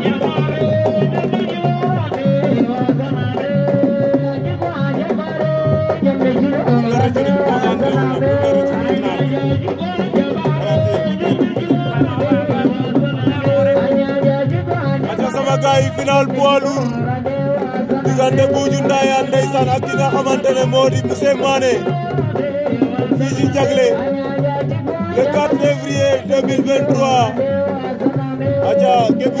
gaay final poids lourd diggante Buuju Ndayaan ndeysaan ak ki nga xamante ne moo di Monsieur Mané fii ci Diaglé le 4 février 2023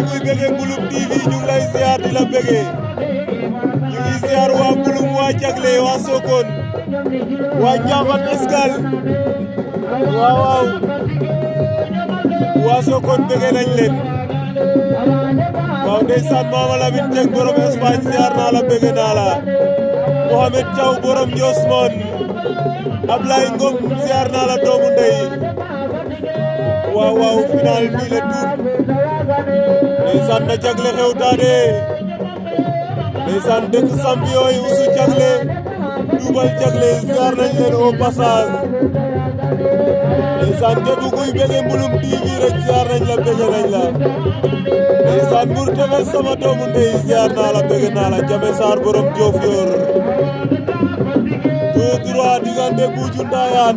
bi muy bëggee Gouloup TV ñu ngi di la bëggee ñu ngi ziar waa Gouloup waa Jagle waa Sokone waa Ndiakhate Escale waaw waaw waa Sokone bëggee nañ leen waaw ndeysaan Mama Lamine Dieng borom Espagne ziar naa la bëggee naa la Mohamed Thiaw borom Ndiosmone Ablaye Ngom ziar naa la doomu ndey waaw waaw final bi la tuut ndeysaan na jagle xew taane ndeysaan dëkk champion yi usu jagle duubal jagle ziar nañ leen au passage ndeysaan képp kuy bëgg Mbouloum TV rek ziar nañ la bëgg nañ la ndeysaan Mbour TV sama doomu ndey ziar naa la bëgg naa la Jame Sarr borom Diofior tout droit diggante Buuju Ndaayaan